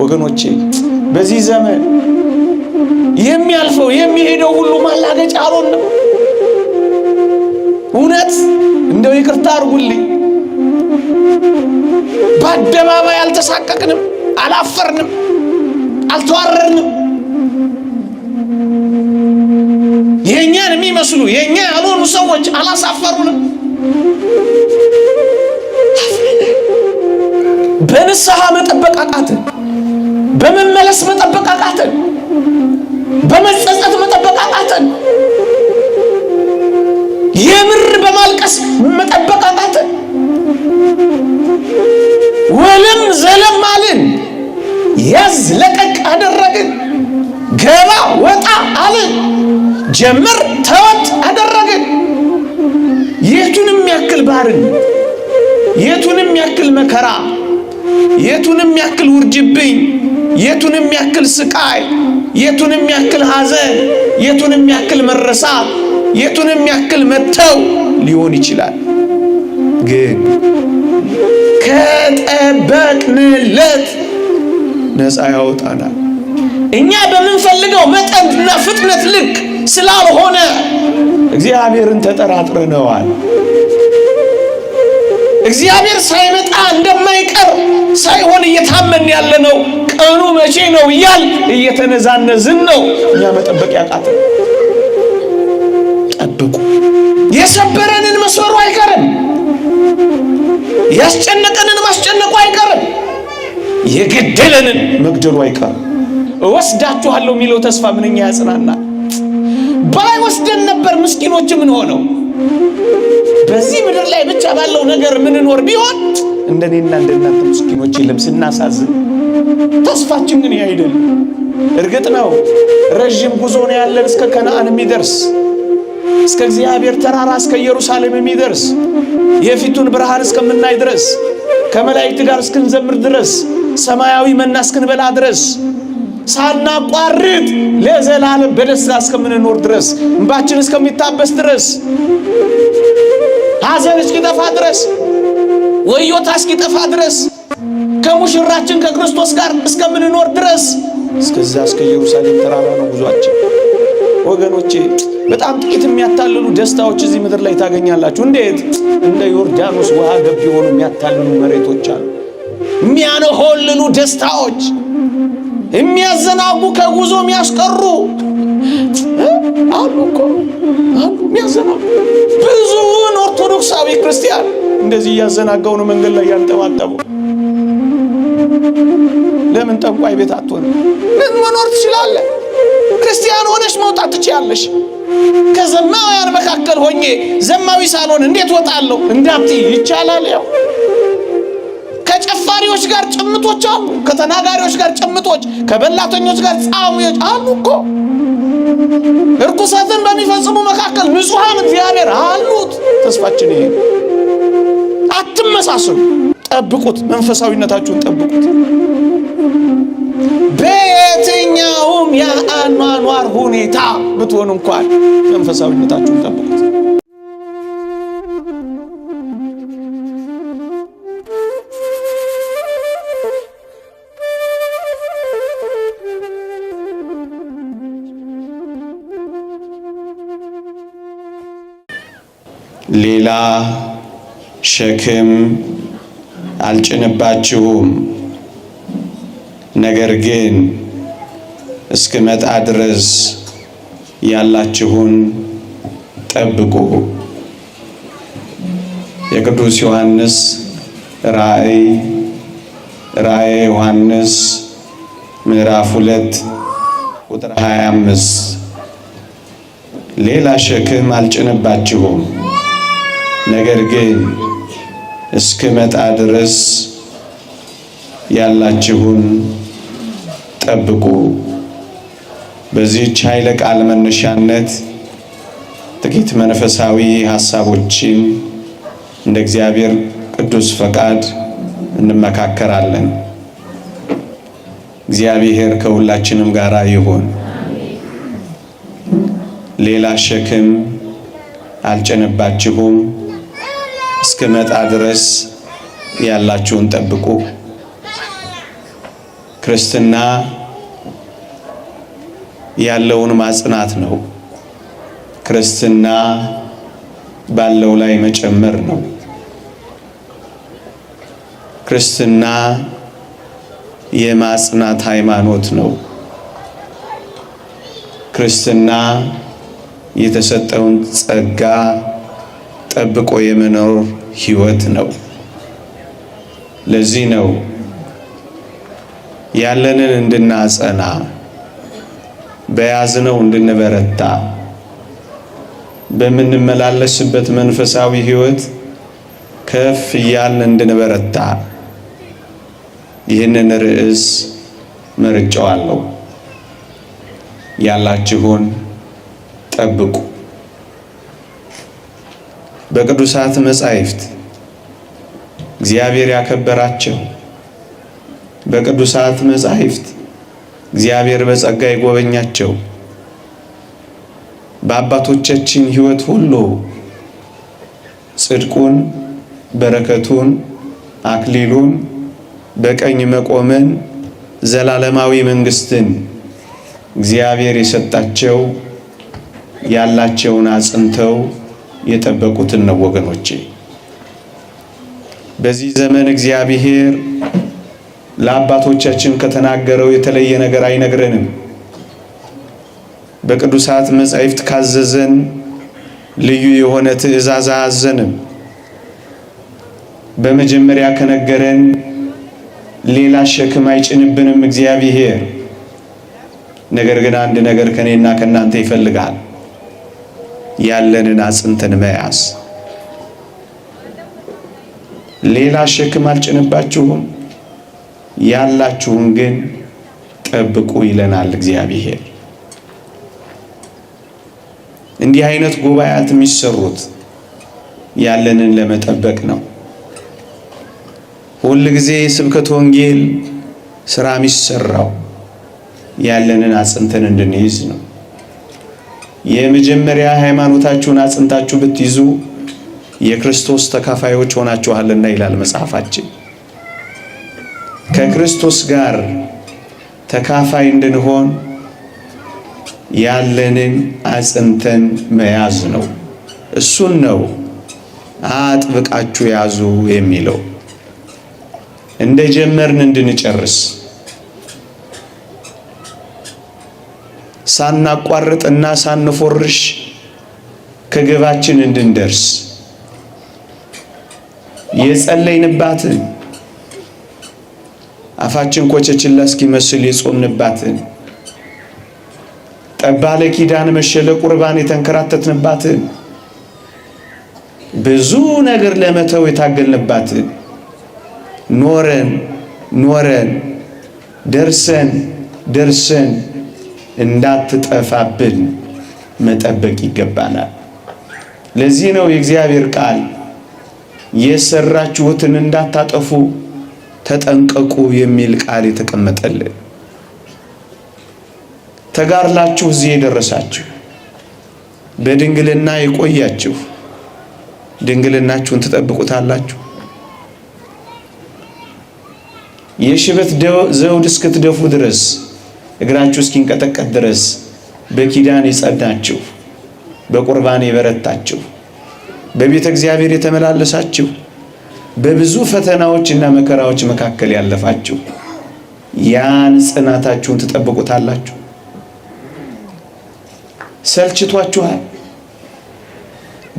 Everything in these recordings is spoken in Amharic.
ወገኖቼ በዚህ ዘመን የሚያልፈው የሚሄደው ሁሉ ማላገጫ አልሆንም። እውነት እንደው ይቅርታ አድርጉልኝ፣ በአደባባይ አልተሳቀቅንም፣ አላፈርንም፣ አልተዋረርንም። የእኛን የሚመስሉ የእኛ ያልሆኑ ሰዎች አላሳፈሩንም። በንስሐ መጠበቅ አቃትን። በመመለስ መጠበቅ አቃተን። በመጸጸት መጠበቅ አቃተን። የምር በማልቀስ መጠበቅ አቃተን። ወለም ዘለም አልን። ያዝ ለቀቅ አደረግን። ገባ ወጣ አልን። ጀምር ተወት አደረግን። የቱንም ያክል ባርን፣ የቱንም ያክል መከራ፣ የቱንም ያክል ውርጅብኝ የቱንም ያክል ስቃይ፣ የቱንም ያክል ሐዘን፣ የቱንም ያክል መረሳት፣ የቱንም ያክል መተው ሊሆን ይችላል። ግን ከጠበቅንለት ነፃ ያወጣናል። እኛ በምንፈልገው መጠንና ፍጥነት ልክ ስላልሆነ እግዚአብሔርን ተጠራጥረነዋል። እግዚአብሔር ሳይመጣ እንደማይቀር ሳይሆን እየታመን ያለ ነው። ቀኑ መቼ ነው እያል እየተነዛነዝን ነው። እኛ መጠበቅ ያቃተ ጠብቁ። የሰበረንን መስበሩ አይቀርም። ያስጨነቀንን ማስጨነቁ አይቀርም። የገደለንን መግደሉ አይቀርም። እወስዳችኋለሁ የሚለው ተስፋ ምንኛ ያጽናናል። ባይወስደን ነበር ምስኪኖች ምን ሆነው በዚህ ምድር ላይ ብቻ ባለው ነገር ምንኖር ቢሆን እንደኔና እንደናንተ ምስኪኖች የለም። ስናሳዝን ተስፋችን ግን ያይደል። እርግጥ ነው ረዥም ጉዞ ነው ያለን እስከ ከነአን የሚደርስ እስከ እግዚአብሔር ተራራ እስከ ኢየሩሳሌም የሚደርስ የፊቱን ብርሃን እስከምናይ ድረስ ከመላእክት ጋር እስክንዘምር ድረስ ሰማያዊ መና እስክንበላ ድረስ ሳናቋርጥ ለዘላለም በደስታ እስከምንኖር ድረስ እንባችን እስከሚታበስ ድረስ ሐዘን እስኪጠፋ ድረስ ወዮታ እስኪጠፋ ድረስ ከሙሽራችን ከክርስቶስ ጋር እስከምንኖር ድረስ እስከዛ እስከ ኢየሩሳሌም ተራራ ነው ጉዟችን። ወገኖቼ በጣም ጥቂት የሚያታልሉ ደስታዎች እዚህ ምድር ላይ ታገኛላችሁ። እንዴት እንደ ዮርዳኖስ ውሃ ገብ የሆኑ የሚያታልሉ መሬቶች አሉ፣ የሚያነሆልሉ ደስታዎች የሚያዘናጉ ከጉዞ የሚያስቀሩ አሉ እኮ አሉ የሚያዘናጉ። ብዙውን ኦርቶዶክሳዊ ክርስቲያን እንደዚህ እያዘናጋው ነው መንገድ ላይ ያንጠባጠቡ። ለምን ጠንቋይ ቤት አትሆን? ምን መኖር ትችላለህ። ክርስቲያን ሆነሽ መውጣት ትችያለሽ። ከዘማውያን መካከል ሆኜ ዘማዊ ሳልሆን እንዴት ወጣለሁ እንዳትዪ ይቻላል ያው ጋር ጭምቶች አሉ፣ ከተናጋሪዎች ጋር ጭምቶች፣ ከበላተኞች ጋር ጻሙዎች አሉ እኮ እርኩሰትን በሚፈጽሙ መካከል ንጹሐን እግዚአብሔር አሉት። ተስፋችን ይሄ አትመሳስሉ። ጠብቁት፣ መንፈሳዊነታችሁን ጠብቁት። በየትኛውም የአኗኗር ሁኔታ ብትሆኑ እንኳን መንፈሳዊነታችሁን ጠብቁት። ሌላ ሸክም አልጭንባችሁም። ነገር ግን እስክመጣ ድረስ ያላችሁን ጠብቁ። የቅዱስ ዮሐንስ ራእይ ራእየ ዮሐንስ ምዕራፍ ሁለት ቁጥር 25 ሌላ ሸክም አልጭንባችሁም። ነገር ግን እስክመጣ ድረስ ያላችሁን ጠብቁ። በዚህች ኃይለ ቃል መነሻነት ጥቂት መንፈሳዊ ሐሳቦችን እንደ እግዚአብሔር ቅዱስ ፈቃድ እንመካከራለን። እግዚአብሔር ከሁላችንም ጋር ይሁን። ሌላ ሸክም አልጨነባችሁም። እስክመጣ ድረስ ያላችሁን ጠብቁ። ክርስትና ያለውን ማጽናት ነው። ክርስትና ባለው ላይ መጨመር ነው። ክርስትና የማጽናት ሃይማኖት ነው። ክርስትና የተሰጠውን ጸጋ ጠብቆ የመኖር ህይወት ነው። ለዚህ ነው ያለንን እንድናጸና በያዝነው እንድንበረታ በምንመላለስበት መንፈሳዊ ህይወት ከፍ እያልን እንድንበረታ ይህንን ርዕስ መርጨዋለሁ። ያላችሁን ጠብቁ። በቅዱሳት መጻሕፍት እግዚአብሔር ያከበራቸው በቅዱሳት መጻሕፍት እግዚአብሔር በጸጋ የጎበኛቸው በአባቶቻችን ሕይወት ሁሉ ጽድቁን፣ በረከቱን፣ አክሊሉን፣ በቀኝ መቆምን፣ ዘላለማዊ መንግስትን እግዚአብሔር የሰጣቸው ያላቸውን አጽንተው የጠበቁትን ነው ወገኖቼ። በዚህ ዘመን እግዚአብሔር ለአባቶቻችን ከተናገረው የተለየ ነገር አይነግረንም። በቅዱሳት መጻሕፍት ካዘዘን ልዩ የሆነ ትእዛዝ አያዘንም። በመጀመሪያ ከነገረን ሌላ ሸክም አይጭንብንም እግዚአብሔር። ነገር ግን አንድ ነገር ከኔና ከእናንተ ይፈልጋል። ያለንን አጽንተን መያዝ። ሌላ ሸክም አልጭንባችሁም፣ ያላችሁን ግን ጠብቁ ይለናል እግዚአብሔር። እንዲህ አይነት ጉባኤያት የሚሰሩት ያለንን ለመጠበቅ ነው። ሁል ጊዜ ስብከት ወንጌል ስራ የሚሰራው ያለንን አጽንተን እንድንይዝ ነው። የመጀመሪያ ሃይማኖታችሁን አጽንታችሁ ብትይዙ የክርስቶስ ተካፋዮች ሆናችኋልና ይላል መጽሐፋችን። ከክርስቶስ ጋር ተካፋይ እንድንሆን ያለንን አጽንተን መያዝ ነው። እሱን ነው አጥብቃችሁ ያዙ የሚለው እንደጀመርን እንድንጨርስ ሳናቋርጥ እና ሳንፎርሽ ከግባችን እንድንደርስ የጸለይንባትን አፋችን ኮቸችላ እስኪመስል የጾምንባትን ጠባለ ኪዳን መሸለ ቁርባን የተንከራተትንባትን ብዙ ነገር ለመተው የታገልንባትን ኖረን ኖረን ደርሰን ደርሰን እንዳትጠፋብን መጠበቅ ይገባናል። ለዚህ ነው የእግዚአብሔር ቃል የሰራችሁትን እንዳታጠፉ ተጠንቀቁ የሚል ቃል የተቀመጠልን። ተጋርላችሁ እዚህ የደረሳችሁ በድንግልና የቆያችሁ ድንግልናችሁን ትጠብቁታላችሁ። የሽበት ዘውድ እስክትደፉ ድረስ እግራችሁ እስኪንቀጠቀጥ ድረስ በኪዳን የጸናችሁ፣ በቁርባን የበረታችሁ፣ በቤተ እግዚአብሔር የተመላለሳችሁ፣ በብዙ ፈተናዎች እና መከራዎች መካከል ያለፋችሁ ያን ጽናታችሁን ትጠብቁታላችሁ። ሰልችቷችኋል፣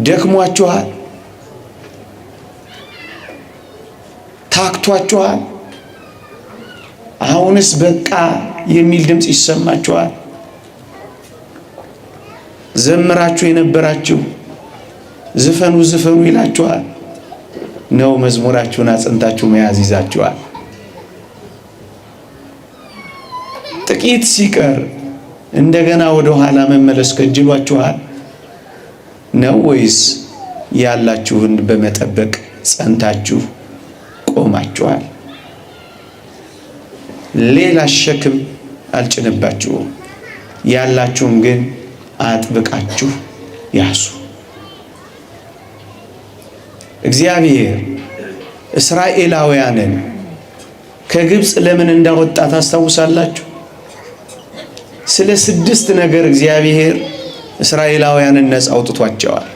ደክሟችኋል፣ ታክቷችኋል። አሁንስ በቃ የሚል ድምፅ ይሰማችኋል። ዘምራችሁ የነበራችሁ ዝፈኑ ዝፈኑ ይላችኋል። ነው መዝሙራችሁን አጽንታችሁ መያዝ ይዛችኋል። ጥቂት ሲቀር እንደገና ወደ ኋላ መመለስ ከጅሏችኋል ነው ወይስ ያላችሁን በመጠበቅ ጸንታችሁ ቆማችኋል? ሌላ ሸክም አልጭንባችሁም። ያላችሁም ግን አጥብቃችሁ ያሱ። እግዚአብሔር እስራኤላውያንን ከግብፅ ለምን እንዳወጣ ታስታውሳላችሁ? ስለ ስድስት ነገር እግዚአብሔር እስራኤላውያንን ነፃ አውጥቷቸዋል።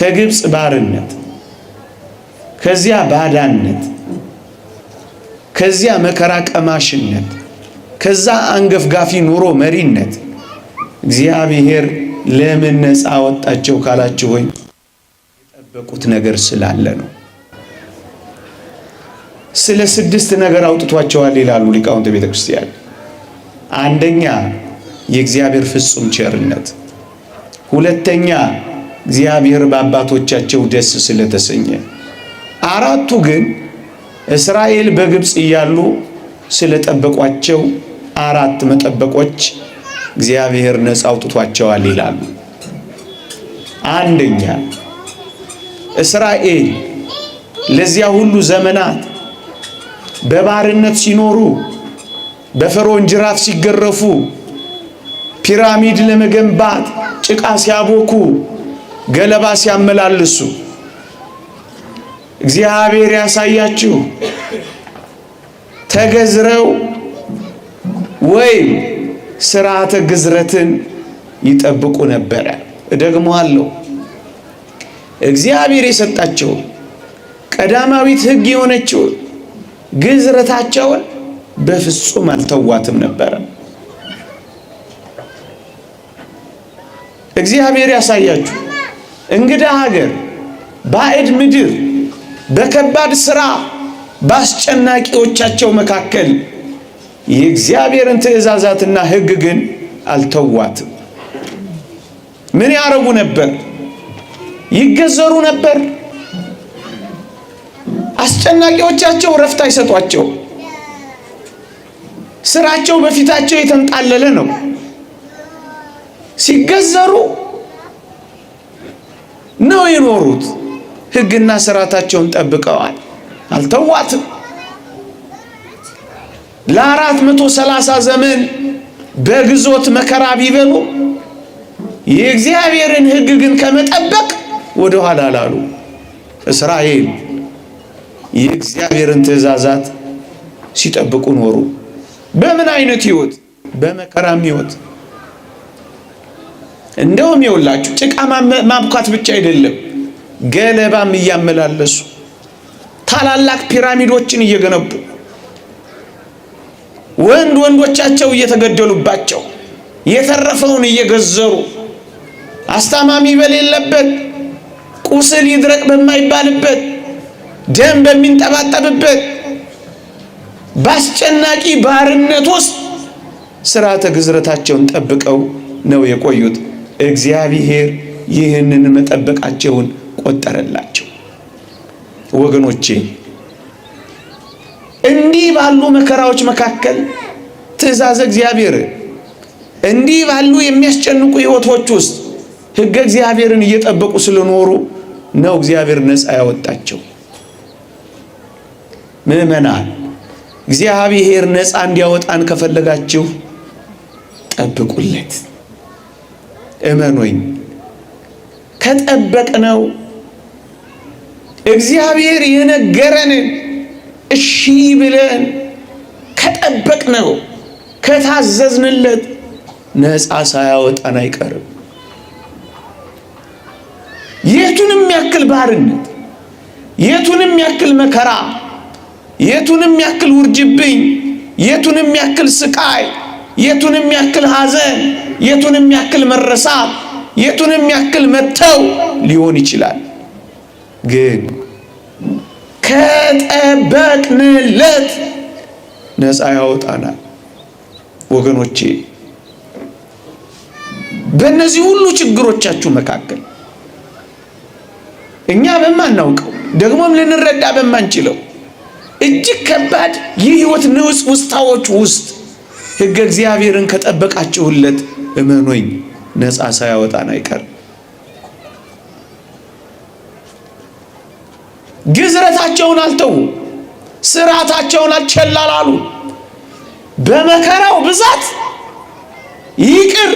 ከግብፅ ባርነት፣ ከዚያ ባዳነት ከዚያ መከራ ቀማሽነት፣ ከዛ አንገፍጋፊ ኑሮ መሪነት እግዚአብሔር ለምን ነፃ አወጣቸው ካላችሁ ወይ የጠበቁት ነገር ስላለ ነው። ስለ ስድስት ነገር አውጥቷቸዋል ይላሉ ሊቃውንተ ቤተ ክርስቲያን። አንደኛ የእግዚአብሔር ፍጹም ቸርነት፣ ሁለተኛ እግዚአብሔር በአባቶቻቸው ደስ ስለተሰኘ፣ አራቱ ግን እስራኤል በግብፅ እያሉ ስለጠበቋቸው አራት መጠበቆች እግዚአብሔር ነፃ አውጥቷቸዋል ይላሉ። አንደኛ እስራኤል ለዚያ ሁሉ ዘመናት በባርነት ሲኖሩ በፈርዖን ጅራፍ ሲገረፉ ፒራሚድ ለመገንባት ጭቃ ሲያቦኩ ገለባ ሲያመላልሱ እግዚአብሔር ያሳያችሁ። ተገዝረው ወይም ስርዓተ ግዝረትን ይጠብቁ ነበረ። ደግሞ አለው እግዚአብሔር የሰጣቸውን ቀዳማዊት ሕግ የሆነችውን ግዝረታቸውን በፍጹም አልተዋትም ነበረ። እግዚአብሔር ያሳያችሁ። እንግዳ ሀገር ባዕድ ምድር በከባድ ሥራ በአስጨናቂዎቻቸው መካከል የእግዚአብሔርን ትእዛዛትና ሕግ ግን አልተዋትም። ምን ያረጉ ነበር? ይገዘሩ ነበር። አስጨናቂዎቻቸው ረፍት አይሰጧቸው። ስራቸው በፊታቸው የተንጣለለ ነው። ሲገዘሩ ነው የኖሩት። ህግና ስርዓታቸውን ጠብቀዋል፣ አልተዋትም። ለአራት መቶ ሰላሳ ዘመን በግዞት መከራ ቢበሉ የእግዚአብሔርን ሕግ ግን ከመጠበቅ ወደ ኋላ ላሉ እስራኤል የእግዚአብሔርን ትእዛዛት ሲጠብቁ ኖሩ። በምን አይነት ህይወት? በመከራም ህይወት። እንደውም ይኸውላችሁ ጭቃ ማብኳት ብቻ አይደለም ገለባም እያመላለሱ ታላላቅ ፒራሚዶችን እየገነቡ ወንድ ወንዶቻቸው እየተገደሉባቸው የተረፈውን እየገዘሩ አስታማሚ በሌለበት ቁስል ይድረቅ በማይባልበት ደም በሚንጠባጠብበት በአስጨናቂ ባርነት ውስጥ ስርዓተ ግዝረታቸውን ጠብቀው ነው የቆዩት። እግዚአብሔር ይህንን መጠበቃቸውን ተቆጠረላቸው። ወገኖቼ እንዲህ ባሉ መከራዎች መካከል ትእዛዝ እግዚአብሔር እንዲህ ባሉ የሚያስጨንቁ ህይወቶች ውስጥ ህገ እግዚአብሔርን እየጠበቁ ስለኖሩ ነው እግዚአብሔር ነፃ ያወጣቸው። ምእመና እግዚአብሔር ነፃ እንዲያወጣን ከፈለጋችሁ ጠብቁለት። እመኖኝ ከጠበቅነው እግዚአብሔር የነገረንን እሺ ብለን ከጠበቅነው ከታዘዝንለት ነፃ ሳያወጣን አይቀርም። የቱንም ያክል ባርነት፣ የቱንም ያክል መከራ፣ የቱንም ያክል ውርጅብኝ፣ የቱንም ያክል ስቃይ፣ የቱንም ያክል ሐዘን፣ የቱንም ያክል መረሳት፣ የቱንም ያክል መተው ሊሆን ይችላል ግን ከጠበቅንለት ነፃ ያወጣናል። ወገኖቼ በእነዚህ ሁሉ ችግሮቻችሁ መካከል እኛ በማናውቀው ደግሞም ልንረዳ በማንችለው እጅግ ከባድ የህይወት ንዑስ ውስታዎች ውስጥ ህገ እግዚአብሔርን ከጠበቃችሁለት እመኖኝ ነፃ ሳያወጣን አይቀርም። ግዝረታቸውን አልተዉ፣ ስርዓታቸውን አልቸላላሉ። በመከራው ብዛት ይቅር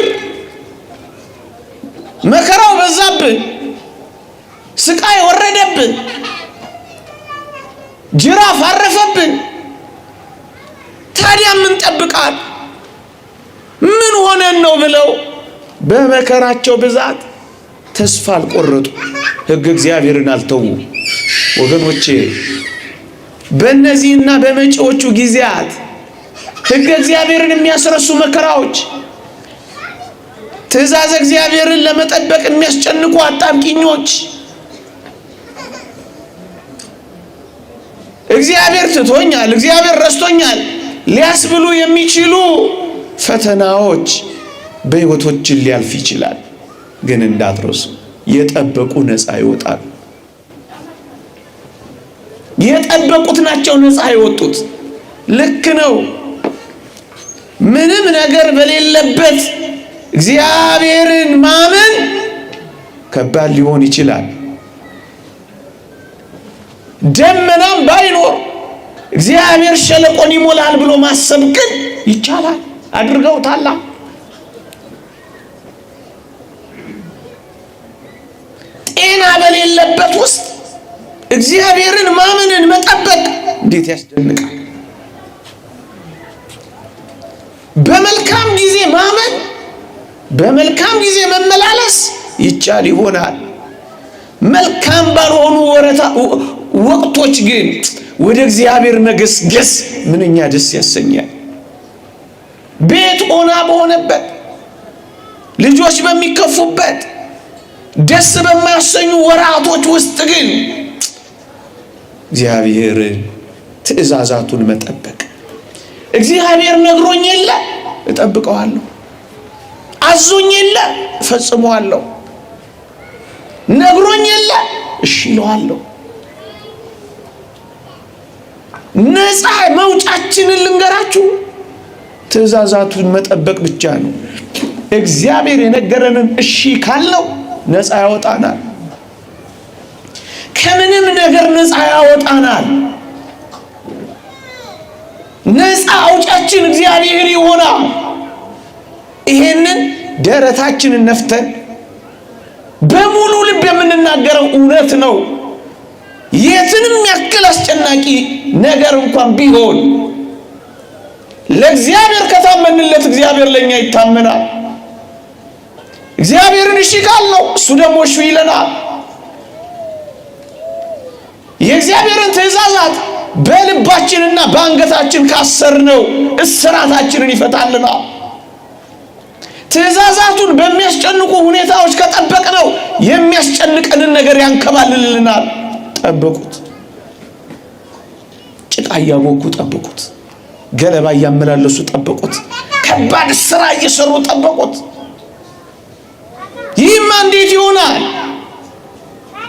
መከራው በዛብህ፣ ስቃይ ወረደብህ፣ ጅራፍ አረፈብህ። ታዲያ ምን ጠብቃል? ምን ሆነን ነው ብለው በመከራቸው ብዛት ተስፋ አልቆረጡ፣ ሕግ እግዚአብሔርን አልተው። ወገኖቼ በእነዚህና በመጪዎቹ ጊዜያት ሕገ እግዚአብሔርን የሚያስረሱ መከራዎች፣ ትእዛዝ እግዚአብሔርን ለመጠበቅ የሚያስጨንቁ አጣብቂኞች እግዚአብሔር ትቶኛል፣ እግዚአብሔር ረስቶኛል ሊያስብሉ የሚችሉ ፈተናዎች በሕይወቶችን ሊያልፍ ይችላል። ግን እንዳትረሱ የጠበቁ ነፃ ይወጣሉ። የጠበቁት ናቸው ነፃ የወጡት። ልክ ነው። ምንም ነገር በሌለበት እግዚአብሔርን ማመን ከባድ ሊሆን ይችላል። ደመናም ባይኖር እግዚአብሔር ሸለቆን ይሞላል ብሎ ማሰብ ግን ይቻላል። አድርገውታላ። ጤና በሌለበት ውስጥ እግዚአብሔርን ማመንን መጠበቅ እንዴት ያስደንቃል! በመልካም ጊዜ ማመን፣ በመልካም ጊዜ መመላለስ ይቻል ይሆናል። መልካም ባልሆኑ ወቅቶች ግን ወደ እግዚአብሔር መገስገስ ምንኛ ደስ ያሰኛል። ቤት ኦና በሆነበት፣ ልጆች በሚከፉበት፣ ደስ በማያሰኙ ወራቶች ውስጥ ግን እግዚአብሔርን ትእዛዛቱን መጠበቅ እግዚአብሔር ነግሮኝ የለ እጠብቀዋለሁ፣ አዞኝ የለ እፈጽመዋለሁ፣ ነግሮኝ የለ እሺ ይለዋለሁ ነፃ መውጫችንን ልንገራችሁ፣ ትእዛዛቱን መጠበቅ ብቻ ነው። እግዚአብሔር የነገረንን እሺ ካልነው ነፃ ያወጣናል። ከምንም ነገር ነፃ ያወጣናል። ነፃ አውጫችን እግዚአብሔር ይሆናል። ይሄንን ደረታችንን ነፍተን በሙሉ ልብ የምንናገረው እውነት ነው። የትንም ያክል አስጨናቂ ነገር እንኳን ቢሆን ለእግዚአብሔር ከታመንለት እግዚአብሔር ለእኛ ይታመናል። እግዚአብሔርን እሺ ካልነው እሱ ደግሞ እሺ ይለናል። የእግዚአብሔርን ትእዛዛት በልባችንና በአንገታችን ካሰርነው እስራታችንን ይፈታልናል። ትእዛዛቱን በሚያስጨንቁ ሁኔታዎች ከጠበቅነው የሚያስጨንቀንን ነገር ያንከባልልናል። ጠበቁት፣ ጭቃ እያቦኩ ጠብቁት፣ ገለባ እያመላለሱ ጠብቁት፣ ከባድ ስራ እየሰሩ ጠበቁት። ይህም እንዴት ይሆናል?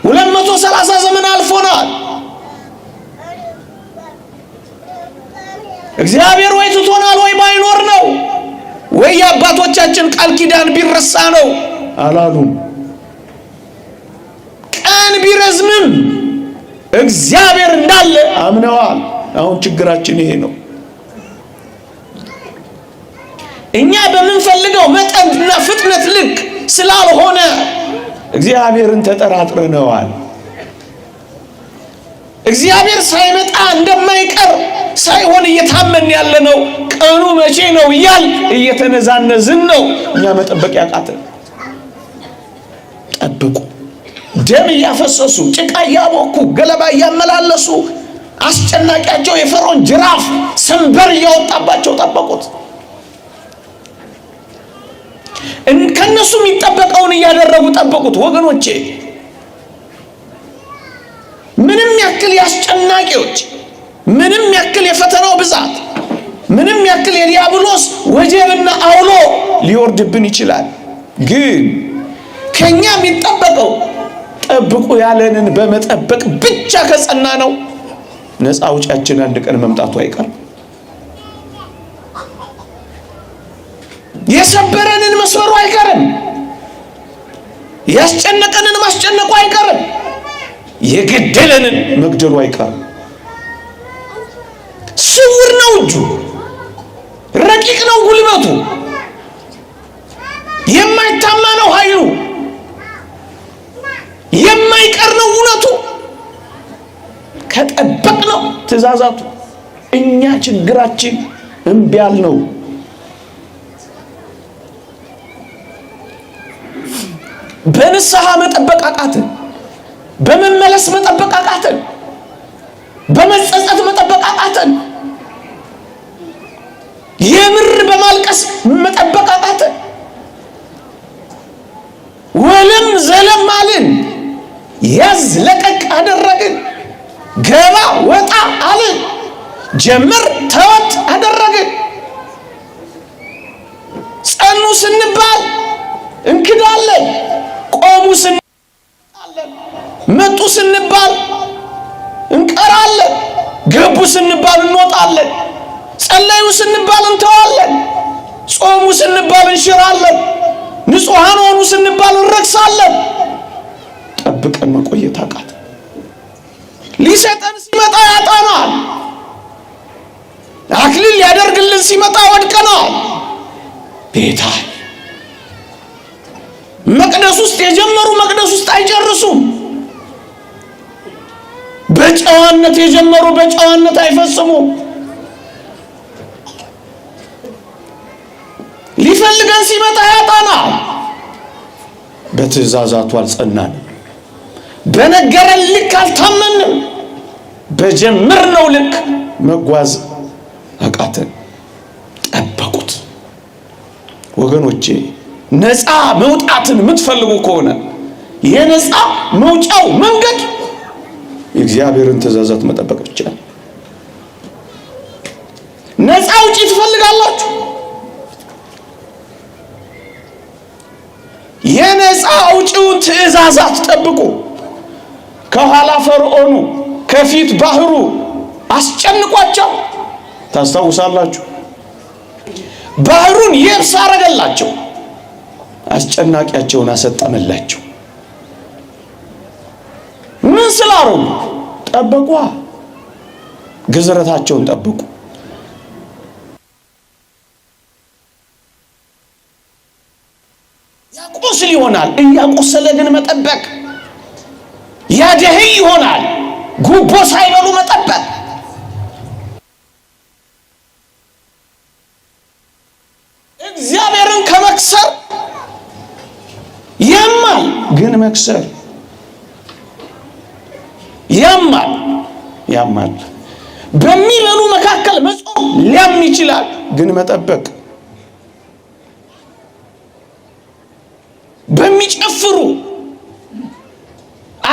ሁለት መቶ ሰላሳ ዘመን አልፎናል። እግዚአብሔር ወይ ትቶናል ወይ ባይኖር ነው ወይ የአባቶቻችን ቃል ኪዳን ቢረሳ ነው አላሉም። ቀን ቢረዝምም እግዚአብሔር እንዳለ አምነዋል። አሁን ችግራችን ይሄ ነው። እኛ በምንፈልገው መጠንና ፍጥነት ልክ ስላልሆነ እግዚአብሔርን ተጠራጥረነዋል። እግዚአብሔር ሳይመጣ እንደማይቀር ሳይሆን እየታመን ያለነው ቀኑ መቼ ነው እያል እየተነዛነዝን ነው። እኛ መጠበቅ ያቃተን ጠብቁ። ደም እያፈሰሱ ጭቃ እያቦኩ ገለባ እያመላለሱ አስጨናቂያቸው የፈርዖን ጅራፍ ሰንበር እያወጣባቸው ጠበቁት። ከእነሱ የሚጠበቀውን እያደረጉ ጠበቁት። ወገኖቼ ምንም ያክል የአስጨናቂዎች፣ ምንም ያክል የፈተናው ብዛት፣ ምንም ያክል የዲያብሎስ ወጀብና አውሎ ሊወርድብን ይችላል። ግን ከኛ የሚጠበቀው ጠብቁ ያለንን በመጠበቅ ብቻ ከጸና ነው ነፃ ውጫችን አንድ ቀን መምጣቱ አይቀርም። የሰበረንን መስበሩ አይቀርም። ያስጨነቀንን ማስጨነቁ አይቀርም። የገደለንን መግደሉ አይቀርም። ስውር ነው እጁ፣ ረቂቅ ነው ጉልበቱ፣ የማይታማ ነው ኃይሉ፣ የማይቀር ነው እውነቱ፣ ከጠበቅ ነው ትእዛዛቱ። እኛ ችግራችን እምቢ ነው። በንስሐ መጠበቅ አቃተን። በመመለስ መጠበቅ አቃተን። በመጸጸት መጠበቅ አቃተን። የምር በማልቀስ መጠበቅ አቃተን። ወለም ዘለም አልን። ያዝ ለቀቅ አደረግን። ገባ ወጣ አልን። ጀምር ተወት አደረግን። ጸኑ ስንባል እንክዳለን። ቆሙ ስንባል መጡ ስንባል እንቀራለን፣ ገቡ ስንባል እንወጣለን፣ ጸለዩ ስንባል እንተዋለን፣ ጾሙ ስንባል እንሽራለን፣ ንጹሐን ሆኑ ስንባል እንረግሳለን። ጠብቀን መቆየት አቃት። ሊሰጠን ሲመጣ ያጣናል። አክሊል ሊያደርግልን ሲመጣ ወድቀናል። ቤታ መቅደስ ውስጥ የጀመሩ መቅደስ ውስጥ አይጨርሱም። በጨዋነት የጀመሩ በጨዋነት አይፈጽሙም። ሊፈልገን ሲመጣ ያጣና በትእዛዛቱ አልጸናን፣ በነገረን ልክ አልታመንም፣ በጀመርነው ልክ መጓዝ አቃተን። ጠበቁት ወገኖቼ ነፃ መውጣትን የምትፈልጉ ከሆነ የነፃ መውጫው መንገድ የእግዚአብሔርን ትእዛዛት መጠበቅ ብቻ ነው። ነፃ ውጪ ትፈልጋላችሁ? የነፃ ውጪውን ትእዛዛት ጠብቁ። ከኋላ ፈርዖኑ ከፊት ባህሩ አስጨንቋቸው። ታስታውሳላችሁ? ባህሩን የብስ አረገላቸው። አስጨናቂያቸውን አሰጠመላቸው። ምን ስላረጉ ጠበቋ፣ ግዝረታቸውን ጠብቁ ያቆስል ይሆናል፣ እያቆሰለ ግን መጠበቅ። ያደህይ ይሆናል፣ ጉቦ ሳይበሉ መጠበቅ መክሰር ያማል ያማል። በሚለኑ መካከል መጾም ሊያም ይችላል፣ ግን መጠበቅ በሚጨፍሩ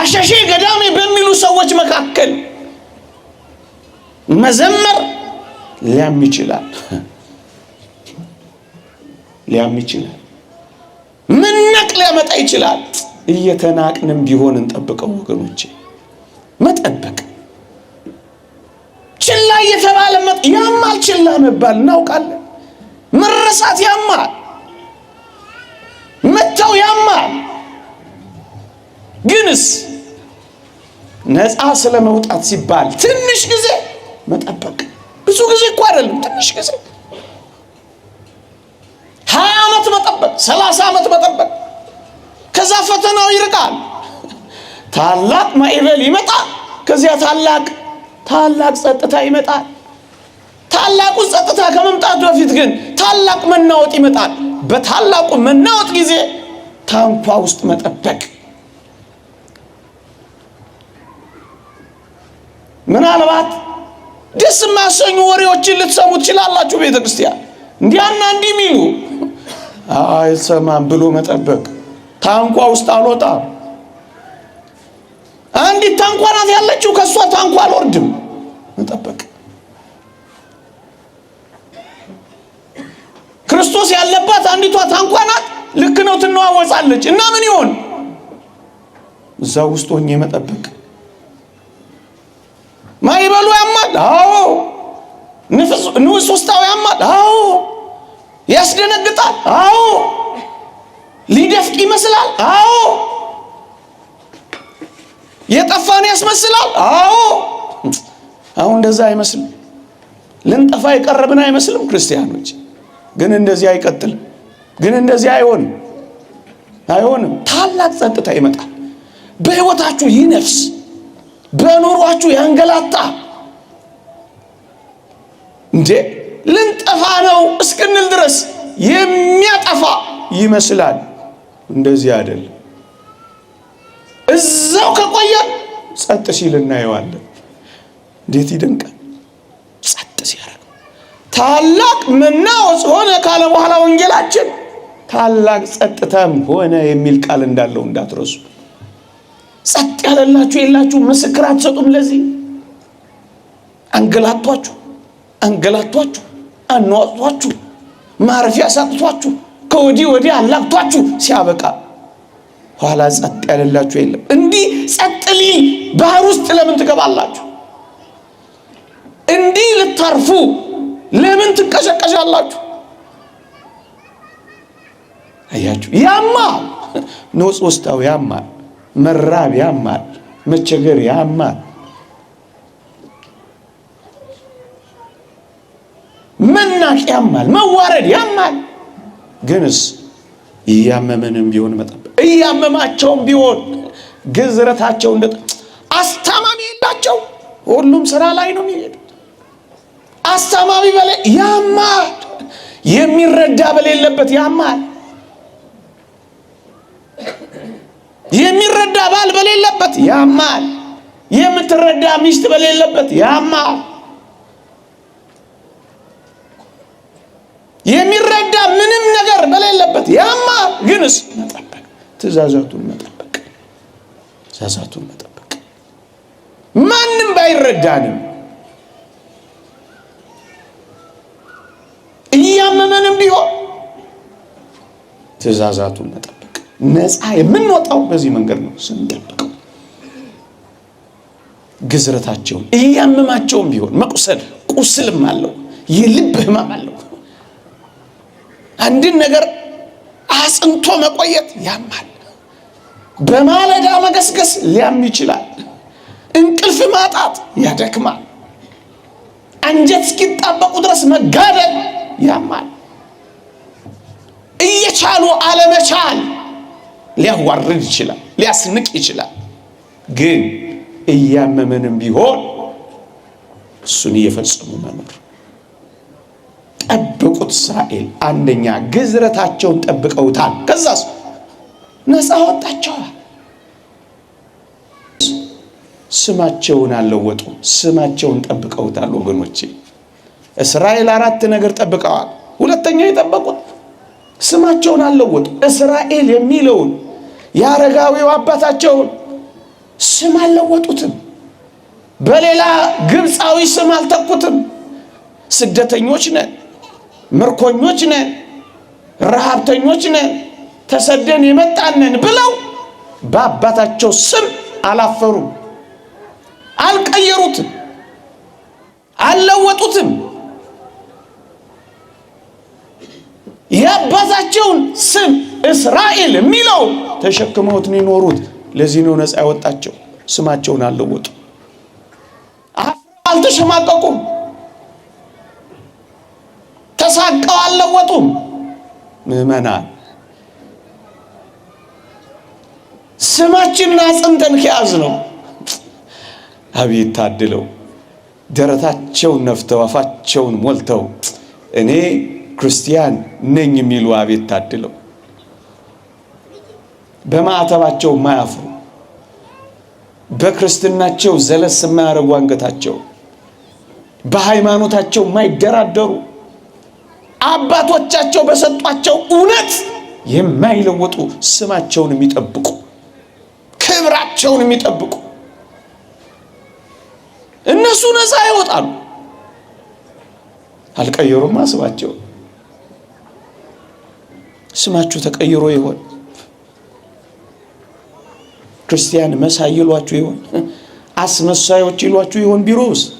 አሸሼ ገዳሜ በሚሉ ሰዎች መካከል መዘመር ሊያም ይችላል ሊያም ይችላል። ነቅ ሊያመጣ ይችላል። እየተናቅንም ቢሆን እንጠብቀው ወገኖቼ። መጠበቅ ችላ እየተባለ ያማል። ችላ መባል እናውቃለን። መረሳት ያማል። መተው ያማል። ግንስ ነፃ ስለ መውጣት ሲባል ትንሽ ጊዜ መጠበቅ ብዙ ጊዜ እኮ አይደለም፣ ትንሽ ጊዜ ሀያ ዓመት መጠበቅ፣ ሰላሳ ዓመት መጠበቅ ከዛ ፈተናው ይርቃል። ታላቅ ማዕበል ይመጣል። ከዚያ ታላቅ ታላቅ ጸጥታ ይመጣል። ታላቁ ጸጥታ ከመምጣቱ በፊት ግን ታላቅ መናወጥ ይመጣል። በታላቁ መናወጥ ጊዜ ታንኳ ውስጥ መጠበቅ ምናልባት ደስ የማያሰኙ ወሬዎችን ልትሰሙ ትችላላችሁ። ቤተ ክርስቲያን እንዲያና እንዲህ ሚሉ አይሰማም ብሎ መጠበቅ ታንኳ ውስጥ አሎጣ አንዲት ታንኳ ናት ያለችው፣ ከእሷ ታንኳ አልወርድም። እንጠበቅ። ክርስቶስ ያለባት አንዲቷ ታንኳ ናት። ልክ ነው፣ ትነዋወጻለች። እና ምን ይሆን እዛ ውስጥ ሆኜ መጠበቅ። ማይበሉ ያማል፣ አዎ። ንዑስ ውስጣው ያማል፣ አዎ። ያስደነግጣል፣ አዎ ሊደፍቅ ይመስላል። አዎ የጠፋን ያስመስላል። አዎ አሁን እንደዛ አይመስልም። ልንጠፋ የቀረብን አይመስልም። ክርስቲያኖች ግን እንደዚህ አይቀጥልም። ግን እንደዚህ አይሆንም፣ አይሆንም። ታላቅ ጸጥታ ይመጣል። በህይወታችሁ ይህ ነፍስ በኑሯችሁ ያንገላታ እንዴ ልንጠፋ ነው እስክንል ድረስ የሚያጠፋ ይመስላል። እንደዚህ አይደል። እዛው ከቆየ ጸጥ ሲል እናየዋለን። እንዴት ይደንቃል! ጸጥ ሲያደርግ ታላቅ መናወጽ ሆነ ካለ በኋላ ወንጌላችን ታላቅ ጸጥታም ሆነ የሚል ቃል እንዳለው እንዳትረሱ። ጸጥ ያለላችሁ የላችሁ ምስክር አትሰጡም። ለዚህ አንገላቷችሁ አንገላቷችሁ አኗጧችሁ ማረፊያ ሳጥቷችሁ ከወዲህ ወዲህ አላግቷችሁ ሲያበቃ ኋላ ጸጥ ያለላችሁ የለም። እንዲህ ጸጥ ሊል ባህር ውስጥ ለምን ትገባላችሁ? እንዲህ ልታርፉ ለምን ትንቀሸቀሻላችሁ? አያችሁ፣ ያማል። ኖጽ ውስጣው ያማል፣ መራብ ያማል፣ መቸገር ያማል። መናቅ ያማል፣ መዋረድ ያማል። ግንስ እያመመንም ቢሆን መጠበቅ እያመማቸውም ቢሆን ግዝረታቸው እንደ አስታማሚ የላቸው። ሁሉም ስራ ላይ ነው የሚሄዱት። አስታማሚ በላይ ያማል፣ የሚረዳ በሌለበት ያማል፣ የሚረዳ ባል በሌለበት ያማል፣ የምትረዳ ሚስት በሌለበት ያማል። የሚረዳ ምንም ነገር በሌለበት ያማ ግንስ መጠበቅ ትእዛዛቱን መጠበቅ ትእዛዛቱን መጠበቅ ማንም ባይረዳንም እያመመንም ቢሆን ትእዛዛቱን መጠበቅ ነፃ የምንወጣው በዚህ መንገድ ነው ስንጠብቀው ግዝረታቸውን እያመማቸውም ቢሆን መቁሰል ቁስልም አለው የልብ ህማም አለው አንድን ነገር አጽንቶ መቆየት ያማል። በማለዳ መገስገስ ሊያም ይችላል። እንቅልፍ ማጣት ያደክማል። አንጀት እስኪጣበቁ ድረስ መጋደል ያማል። እየቻሉ አለመቻል ሊያዋርድ ይችላል፣ ሊያስንቅ ይችላል። ግን እያመመንም ቢሆን እሱን እየፈጸሙ መኖር ጠበቁት። እስራኤል አንደኛ ግዝረታቸውን ጠብቀውታል። ከዛስ ነፃ ወጣቸዋል። ስማቸውን አልለወጡ፣ ስማቸውን ጠብቀውታል። ወገኖቼ እስራኤል አራት ነገር ጠብቀዋል። ሁለተኛ የጠበቁት ስማቸውን አልለወጡ። እስራኤል የሚለውን የአረጋዊው አባታቸውን ስም አልለወጡትም። በሌላ ግብፃዊ ስም አልተኩትም። ስደተኞች ነን ምርኮኞች ነን፣ ረሃብተኞች ነን፣ ተሰደን የመጣነን ብለው በአባታቸው ስም አላፈሩም፣ አልቀየሩትም፣ አልለወጡትም። የአባታቸውን ስም እስራኤል የሚለው ተሸክመውት ነው የኖሩት። ለዚህ ነው ነፃ ያወጣቸው። ስማቸውን አልለወጡ፣ አልተሸማቀቁም። ተሳቀው አልለወጡም። ምዕመናን ስማችንና አጽንተን ከያዝ ነው። አቤት ታድለው ደረታቸውን ነፍተው አፋቸውን ሞልተው እኔ ክርስቲያን ነኝ የሚሉ አቤት ታድለው በማዕተባቸው ማያፍሩ በክርስትናቸው ዘለስ የማያደርጉ አንገታቸው በሃይማኖታቸው የማይደራደሩ አባቶቻቸው በሰጧቸው እውነት የማይለወጡ ስማቸውን የሚጠብቁ ክብራቸውን የሚጠብቁ እነሱ ነፃ ይወጣሉ። አልቀየሩማ ስማቸው። ስማችሁ ተቀይሮ ይሆን? ክርስቲያን መሳይ ይሏችሁ ይሆን? አስመሳዮች ይሏችሁ ይሆን? ቢሮ ውስጥ